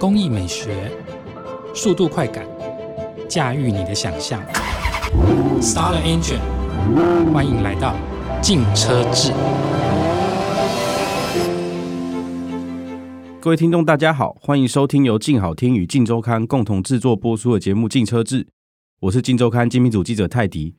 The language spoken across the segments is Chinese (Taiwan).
工藝美學、速度快感、駕馭你的想象。Star the n g i n e 歡迎來到《靜車誌》。各位聽眾，大家好，歡迎收聽由靜好聽與靜週刊共同制作播出的節目《靜車誌》，我是靜週刊精品組記者泰迪。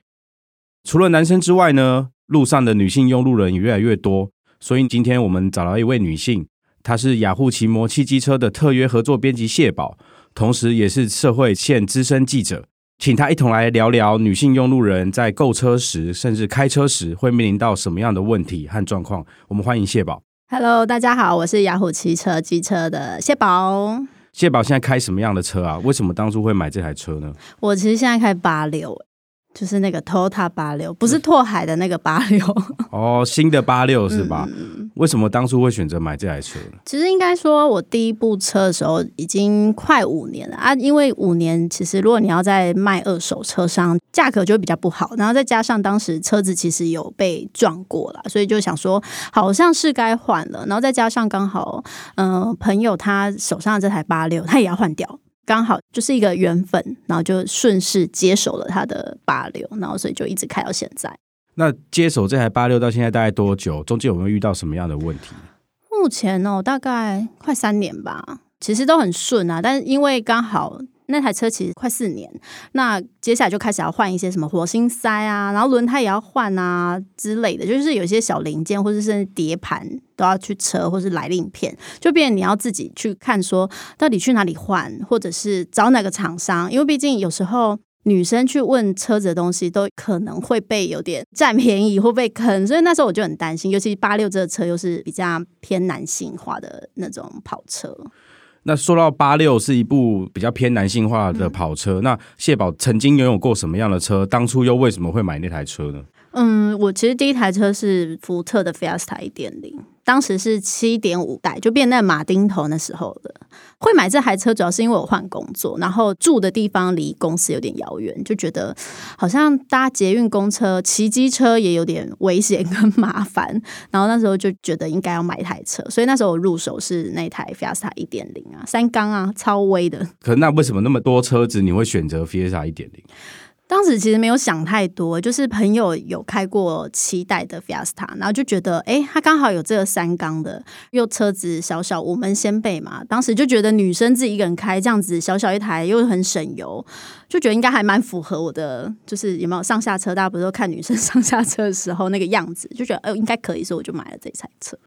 除了男生之外呢，路上的女性用路人也越來越多，所以今天我們找到一位女性。他是雅虎奇摩汽機車的特約合作編輯謝寶，同時也是社會線資深記者，請他一同來聊聊女性用路人在購車時，甚至開車時會面臨到什麼樣的問題和狀況。我們歡迎謝寶。Hello，大家好，我是雅虎汽車機車的謝寶。謝寶現在開什麼樣的車啊？為什麼當初會買這台車呢？我其實現在開八六耶。就是那個 Toyota 八六，不是拓海的那個八六。哦，新的八六是吧？嗯、為什麼當初會選擇買這台車？其實應該說，我第一部車的時候已經快五年了啊，因為五年其實如果你要再賣二手車商，價格就會比較不好。然後再加上當時車子其實有被撞過了，所以就想說好像是該換了。然後再加上剛好，嗯、呃，朋友他手上的這台八六，他也要換掉。剛好就是一個緣分，然後就順勢接手了他的八六，然後所以就一直開到現在。那接手這台八六到現在大概多久？中間有沒有遇到什麼樣的問題？目前哦、喔，大概快三年吧，其實都很順啊。但是因為剛好。那台車其實快四年，那接下來就開始要換一些什麼火星塞啊，然後輪胎也要換啊之類的，就是有一些小零件或者是甚至碟盤都要去車，或是來令片，就變你要自己去看說到底去哪裡換，或者是找哪個廠商，因為畢竟有時候女生去問車子的東西都可能會被有點佔便宜或被坑，所以那時候我就很擔心，尤其八六這個車又是比較偏男性化的那種跑車。那說到八六是一部比較偏男性化的跑車，嗯、那謝寶曾經擁有過什麼樣的車？當初又為什麼會買那台車呢？嗯，我其實第一台車是福特的 Fiesta 一點零。當時是七點五代，就變成那馬丁頭那時候的。會買這台車，主要是因為我換工作，然後住的地方離公司有點遙遠，就覺得好像搭捷運、公車、騎機車也有點危險跟麻煩。然後那時候就覺得應該要買一台車，所以那時候我入手是那台 Fiesta 一點零啊，三缸啊，超威的。可那為什麼那麼多車子，你會選擇 Fiesta 一點零？當時其實沒有想太多，就是朋友有開過七代的 Fiesta，然後就覺得，哎、欸，他剛好有這個三缸的，又車子小小，五門掀背嘛。當時就覺得女生自己一個人開這樣子，小小一台又很省油，就覺得應該還蠻符合我的。就是有沒有上下車，大家不是都看女生上下車的時候那個樣子，就覺得，哎、呃，應該可以，所以我就買了這台車。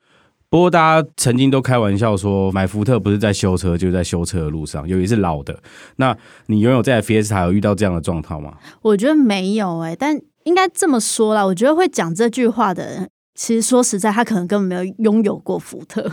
不過，大家曾經都開玩笑說，買福特不是在修車，就是在修車的路上。尤其是老的，那你擁有這台 Fiesta 有遇到這樣的狀況嗎？我覺得沒有哎、欸，但應該這麼說啦。我覺得會講這句話的人，其實說實在，他可能根本沒有擁有過福特，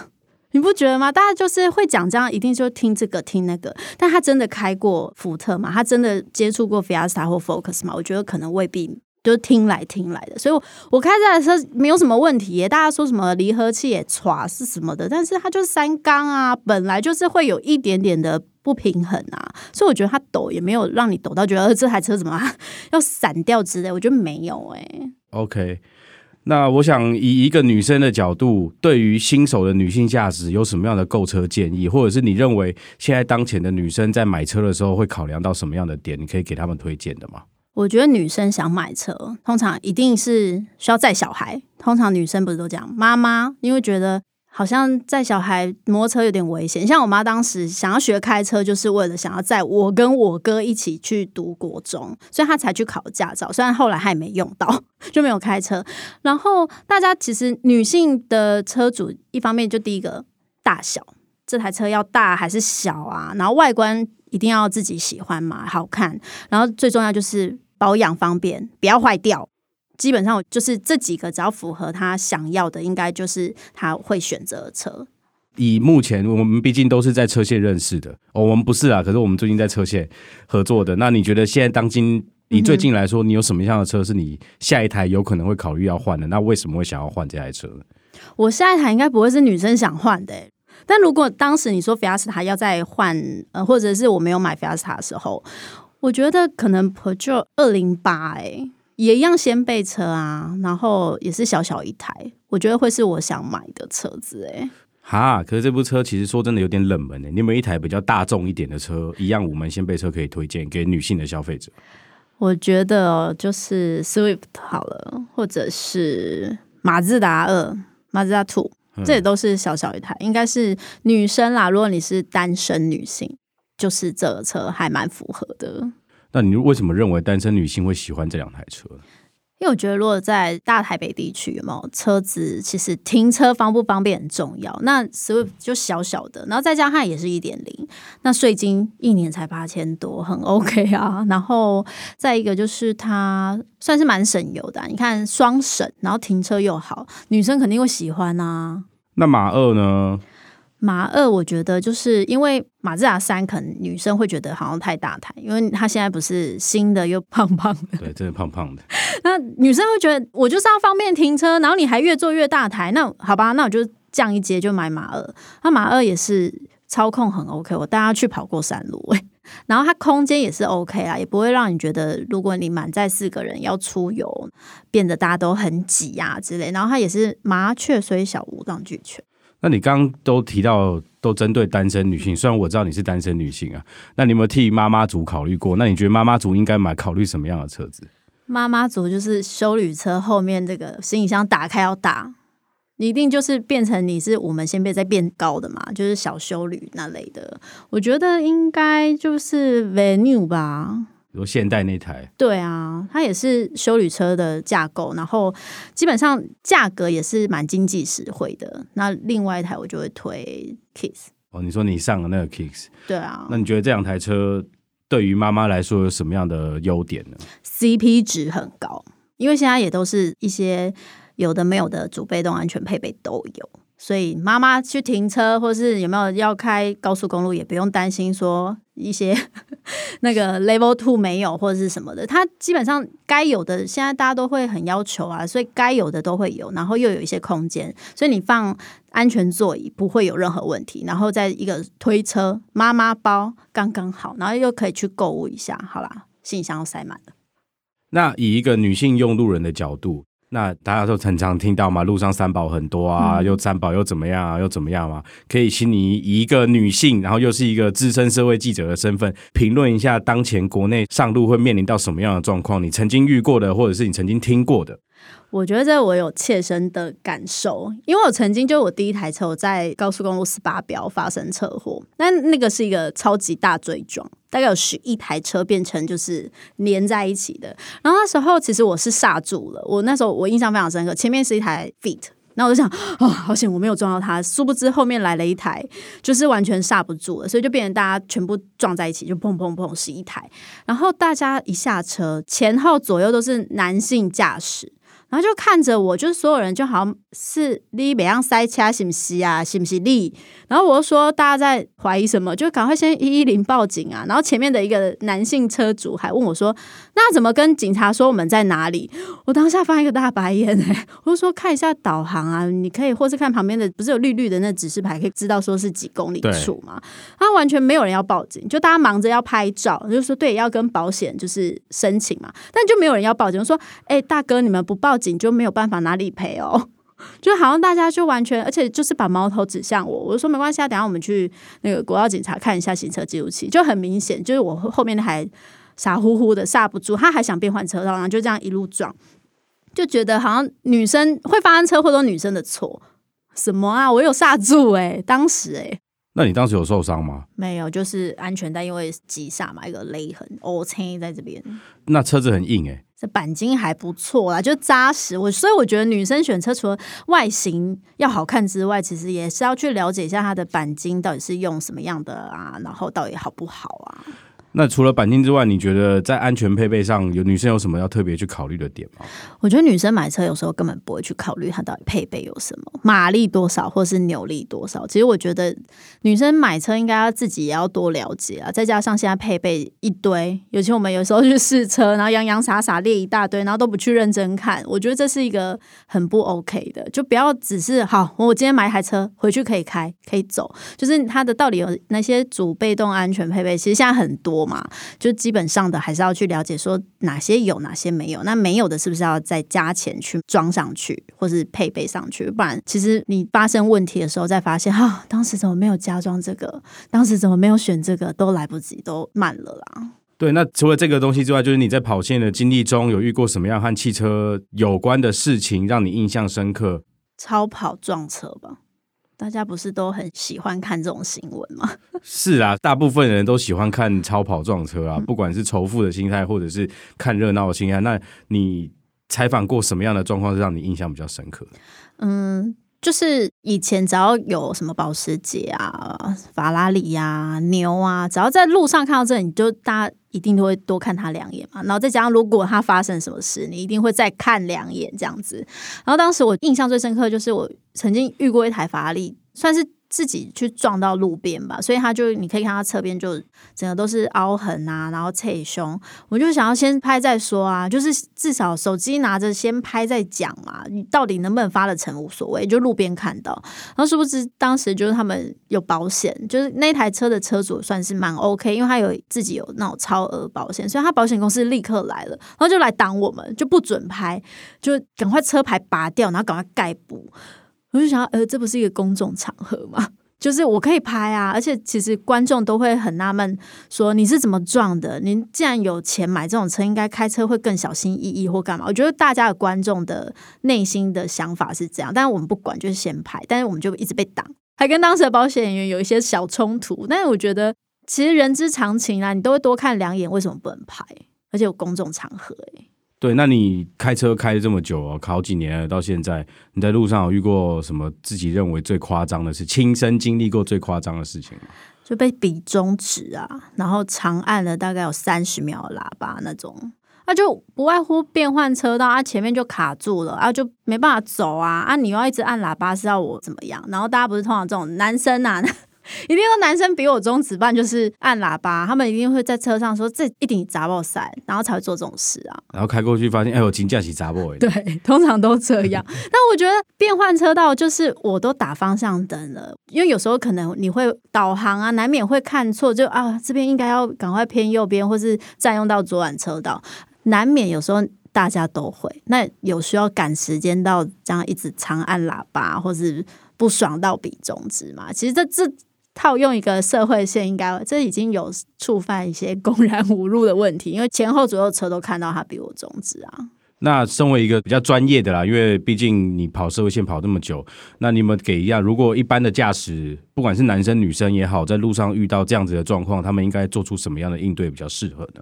你不覺得嗎？大家就是會講這樣，一定就聽這個聽那個，但他真的開過福特嗎？他真的接觸過 Fiesta 或 Focus 嗎？我覺得可能未必。就聽來聽來的，所以我我開這台車沒有什麼問題耶。大家說什麼離合器也歘是什麼的，但是它就是三缸啊，本來就是會有一點點的不平衡啊，所以我覺得它抖也沒有讓你抖到覺得這台車怎麼、啊、要散掉之類，我覺得沒有哎。OK，那我想以一個女生的角度，對於新手的女性駕駛有什麼樣的購車建議，或者是你認為現在當前的女生在買車的時候會考量到什麼樣的點，你可以給他們推薦的嗎？我覺得女生想買車，通常一定是需要載小孩。通常女生不是都這樣，媽媽因為覺得好像載小孩摩托車有點危險。像我媽當時想要學開車，就是為了想要載我跟我哥一起去讀國中，所以她才去考駕照。雖然後來還沒用到，就沒有開車。然後大家其實女性的車主，一方面就第一個大小。這台車要大還是小啊？然後外觀一定要自己喜歡嘛，好看。然後最重要就是保養方便，不要壞掉。基本上就是這幾個，只要符合他想要的，應該就是他會選擇的車。以目前我們畢竟都是在車線認識的，哦，我們不是啊，可是我們最近在車線合作的。那你覺得現在當今你最近來說，你有什麼樣的車是你下一台有可能會考慮要換的？那為什麼會想要換這台車？我下一台應該不會是女生想換的欸。但如果當時你說 Fiesta 要再換，呃，或者是我沒有買 Fiesta 的時候，我覺得可能 Peugeot 二零八哎也一樣掀背車啊，然後也是小小一台，我覺得會是我想買的車子哎、欸。哈，可是這部車其實說真的有點冷門、欸、你有沒有一台比較大眾一點的車，一樣五門掀背車可以推薦給女性的消費者？我覺得、哦、就是 Swift 好了，或者是馬自達二、馬自達 Two。這也都是小小一台，應該是女生啦。如果你是單身女性，就是這個車還蠻符合的。嗯。那你為什麼認為單身女性會喜歡這兩台車？因為我覺得，如果在大台北地區，有車子其實停車方不方便很重要。那十就小小的，然後再加上也是一點零，那稅金一年才八千多，很 OK 啊。然後再一個就是它算是蠻省油的啊，你看雙省，然後停車又好，女生肯定會喜歡啊。那馬二呢？馬二，我覺得就是因為馬自達三，可能女生會覺得好像太大台，因為它現在不是新的又胖胖的，對，真的胖胖的。 那女生會覺得我就是要方便停車，然後你還越坐越大台，那好吧，那我就降一階就買馬二。那馬二也是操控很 OK，我帶它去跑過山路、欸， 然後它空間也是 OK 啦、啊，也不會讓你覺得如果你滿載四個人要出遊變得大家都很擠啊之類。然後它也是麻雀雖小，五臟俱全。那你剛剛都提到都針對單身女性，雖然我知道你是單身女性啊，那你有沒有替媽媽族考慮過？那你覺得媽媽族應該買考慮什麼樣的車子？媽媽族就是休旅車後面這個行李箱打開要打，你一定就是變成你是我們先輩再變高的嘛，就是小休旅那類的。我覺得應該就是 Venue 吧。比如現代那台，對啊，它也是休旅車的架構，然後基本上價格也是蠻經濟實惠的。那另外一台我就會推 Kiss 哦，你說你上了那個 Kiss，對啊，那你覺得這兩台車對於媽媽來說有什麼樣的優點呢？CP 值很高，因為現在也都是一些有的沒有的主被動安全配備都有，所以媽媽去停車或是有沒有要開高速公路，也不用擔心說一些。那個 level two 沒有或者是什麼的，它基本上該有的現在大家都會很要求啊，所以該有的都會有，然後又有一些空間，所以你放安全座椅不會有任何問題，然後再一個推車媽媽包剛剛好，然後又可以去購物一下，好啦，行李箱都塞滿了。那以一個女性用路人的角度。那大家都很常聽到嘛，路上三寶很多啊，又三寶又怎麼樣啊，又怎麼樣嘛、啊？可以，請你以一個女性，然後又是一個資深社會記者的身份，評論一下當前國內上路會面臨到什麼樣的狀況？你曾經遇過的，或者是你曾經聽過的。我覺得這我有切身的感受，因為我曾經就我第一台車，我在高速公路十八標發生車禍，但那個是一個超級大追撞，大概有十一台車變成就是連在一起的。然後那時候其實我是剎住了，我那時候我印象非常深刻，前面是一台 Fit，然後我就想啊、哦，好險我沒有撞到它。殊不知後面來了一台，就是完全剎不住了，所以就變成大家全部撞在一起，就砰砰砰十一台。然後大家一下車，前後左右都是男性駕駛。然後就看着我，就是所有人就好像是你每樣塞車是不是啊，是不是你？然後我就說，大家在懷疑什麼，就趕快先一一零報警啊！然後前面的一個男性車主還問我說：“那怎麼跟警察說我們在哪裡？”我當下翻一個大白眼、欸、我就說看一下導航啊，你可以，或是看旁邊的不是有綠綠的那指示牌，可以知道說是幾公里處嘛。他對完全沒有人要報警，就大家忙着要拍照，就是、說對，要跟保險就是申請嘛，但就沒有人要報警。我說：“哎、欸，大哥，你們不報？”警就沒有辦法拿理賠哦，就好像大家就完全，而且就是把矛頭指向我。我就說沒關係，啊，等下我們去那個國道警察看一下行車記錄器，就很明顯，就是我後面還傻乎乎的剎不住，他還想變換車道，然後就這樣一路撞，就覺得好像女生會發生車禍都女生的錯，什麼啊？我有剎住哎、欸，當時哎、欸，那你當時有受傷嗎？沒有，就是安全帶因為急剎嘛，一個勒痕，哦，蹭在這邊。那車子很硬哎、欸。這鈑金還不錯啦，就扎實。我所以我覺得女生選車，除了外形要好看之外，其實也是要去了解一下它的鈑金到底是用什麼樣的啊，然後到底好不好啊。那除了鈑金之外，你覺得在安全配備上有女生有什麼要特別去考慮的點嗎？我覺得女生買車有時候根本不會去考慮它到底配備有什麼，馬力多少，或是扭力多少。其實我覺得女生買車應該要自己也要多了解啊。再加上現在配備一堆，尤其我們有時候去試車，然後洋洋灑灑列一大堆，然後都不去認真看。我覺得這是一個很不 OK 的，就不要只是好，我今天買一台車回去可以開可以走，就是它的到底有哪些主被動安全配備，其實現在很多。就基本上的還是要去了解，說哪些有，哪些沒有。那沒有的是不是要再加錢去裝上去，或是配備上去？不然，其實你發生問題的時候再發現，哈、啊，當時怎麼沒有加裝這個？當時怎麼沒有選這個？都來不及，都慢了啦。對，那除了這個東西之外，就是你在跑線的經歷中有遇過什麼樣和汽車有關的事情讓你印象深刻？超跑撞車吧。大家不是都很喜歡看這種新聞嗎？ 是啊，大部分人都喜歡看超跑撞車啊，不管是仇富的心態，或者是看熱鬧的心態。那你採訪過什麼樣的狀況是讓你印象比較深刻？嗯，就是以前只要有什麼保時捷啊、法拉利呀、啊、牛啊，只要在路上看到這，你就大，一定都會多看他兩眼嘛，然後再加上如果他發生什麼事，你一定會再看兩眼這樣子。然後當時我印象最深刻的就是我曾經遇過一台法拉利，算是。自己去撞到路邊吧，所以他就，你可以看他側邊就整個都是凹痕啊，然後側胸，我就想要先拍再說啊，就是至少手機拿着先拍再講嘛，你到底能不能發得成無所謂，就路邊看到。然後殊不知當時就是他們有保險，就是那台車的車主算是蠻 OK，因為他有自己有那種超額保險，所以他保險公司立刻來了，然後就來擋我們，就不准拍，就趕快車牌拔掉，然後趕快蓋補。我就想，呃，這不是一個公眾場合嗎？就是我可以拍啊，而且其實觀眾都會很納悶，說，你是怎麼撞的？您既然有錢買這種車，應該開車會更小心翼翼或幹嘛？我覺得大家的觀眾的內心的想法是這樣，但是我們不管，就是先拍，但是我們就一直被擋，還跟當時的保險員有一些小衝突。但是我覺得其實人之常情啊，你都會多看兩眼，為什麼不能拍？而且有公眾場合、欸，對，那你開車開了這麼久啊、哦，考幾年了，到現在你在路上有遇過什麼自己認為最誇張的事？親身經歷過最誇張的事情嗎？就被比中指啊，然後長按了大概有三十秒喇叭那種，那、啊、就不外乎變換車道，啊前面就卡住了，啊就沒辦法走啊，啊你要一直按喇叭是要我怎麼樣？然後大家不是通常這種男生啊。一定要男生比我中指，半就是按喇叭。他們一定會在車上說這一定砸爆傘，然後才會做這種事啊。然後開過去發現，哎呦，金架起砸爆了。對，通常都這樣。 但我覺得變換車道就是我都打方向燈了，因為有時候可能你會導航啊，難免會看錯，就啊這邊應該要趕快偏右邊，或是占用到左轉車道，難免有時候大家都會。那有需要趕時間到這樣一直長按喇叭，或是不爽到比中指嘛？其實這這。套用一個社會線，應該這已經有觸犯一些公然侮辱的問題，因為前後左右車都看到他比我中指啊。那身為一個比較專業的啦，因為畢竟你跑社會線跑這麼久，那你們給一下，如果一般的駕駛，不管是男生女生也好，在路上遇到這樣子的狀況，他們應該做出什麼樣的應對比較適合呢？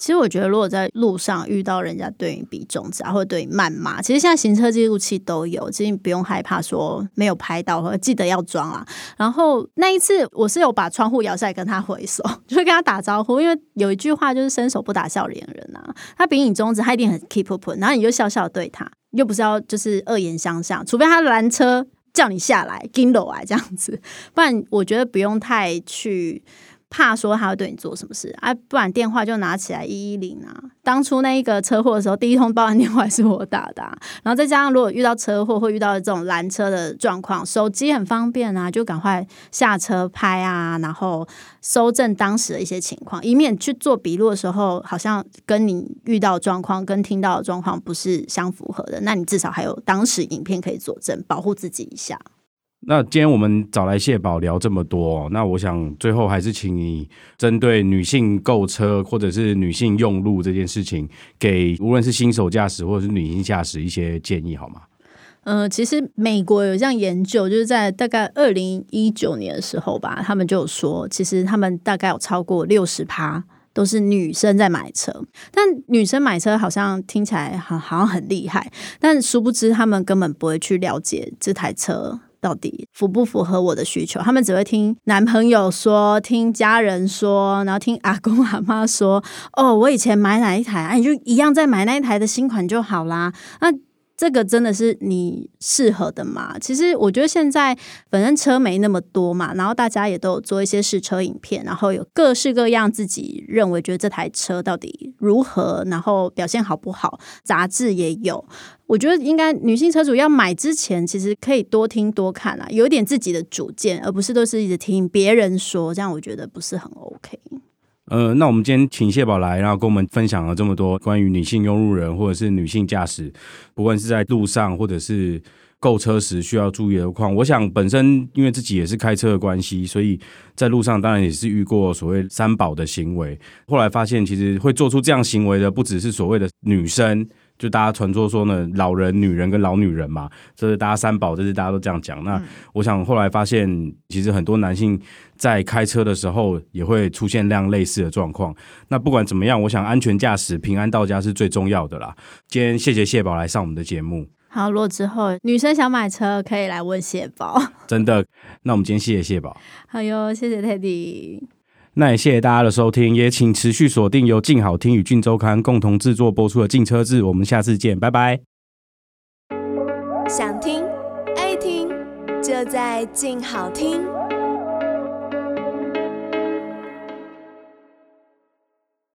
其實我覺得，如果在路上遇到人家對你比中指啊，或者對你謾罵，其實現在行車記錄器都有，其實你不用害怕說沒有拍到，或者記得要裝啊。然後那一次我是有把窗戶搖下來跟他揮手，就會跟他打招呼，因為有一句話就是“伸手不打笑臉人啊”吶。他比你中指，他一定很 keep up，然後你就笑笑對他，又不是要就是惡言相向，除非他攔車叫你下來 gentle 啊這樣子，不然我覺得不用太去。怕說他會對你做什麼事啊？不然電話就拿起來一一零啊！當初那個車禍的時候，第一通報案電話也是我打的啊。然後再加上如果遇到車禍會遇到這種攔車的狀況，手機很方便啊，就趕快下車拍啊，然後蒐證當時的一些情況，以免去做筆錄的時候，好像跟你遇到狀況跟聽到的狀況不是相符合的，那你至少還有當時影片可以佐證，保護自己一下。那今天我們找來謝寶聊這麼多，哦，那我想最後還是請你針對女性購車或者是女性用路這件事情，給無論是新手駕駛或者是女性駕駛一些建議好嗎？嗯、呃，其實美國有一項研究，就是在大概二零一九年的時候吧，他們就說，其實他們大概有超過六十趴都是女生在買車，但女生買車好像聽起來好好像很厲害，但殊不知他們根本不會去了解這台車。到底符不符合我的需求？他們只會聽男朋友說，聽家人說，然後聽阿公阿嬤說。哦，我以前買哪一台啊？你就一樣再買那一台的新款就好啦。那、啊。這個真的是你適合的嗎？其實我覺得現在，反正車沒那麼多嘛，然後大家也都做一些試車影片，然後有各式各樣自己認為覺得這台車到底如何，然後表現好不好，雜誌也有。我覺得應該女性車主要買之前，其實可以多聽多看啊，有一點自己的主見，而不是都是一直聽別人說，這樣我覺得不是很 OK。呃，那我們今天請謝寶來，然後跟我們分享了這麼多關於女性用路人或者是女性駕駛，不管是在路上或者是購車時需要注意的況。我想本身因為自己也是開車的關係，所以在路上當然也是遇過所謂三寶的行為。後來發現，其實會做出這樣行為的不只是所謂的女生。就大家傳說說呢，老人、女人跟老女人嘛，這是大家三寶，這是大家都這樣講。那我想後來發現，其實很多男性在開車的時候也會出現這樣類似的狀況。那不管怎麼樣，我想安全駕駛、平安到家是最重要的啦。今天謝謝謝寶來上我們的節目。好，落之後女生想買車可以來問謝寶。 真的。那我們今天謝謝謝寶。好喲，謝謝 Teddy。那也謝謝大家的收聽，也請持續鎖定由鏡好聽與《鏡週刊》共同製作播出的《鏡車誌》，我們下次見，拜拜。想聽愛聽，就在鏡好聽。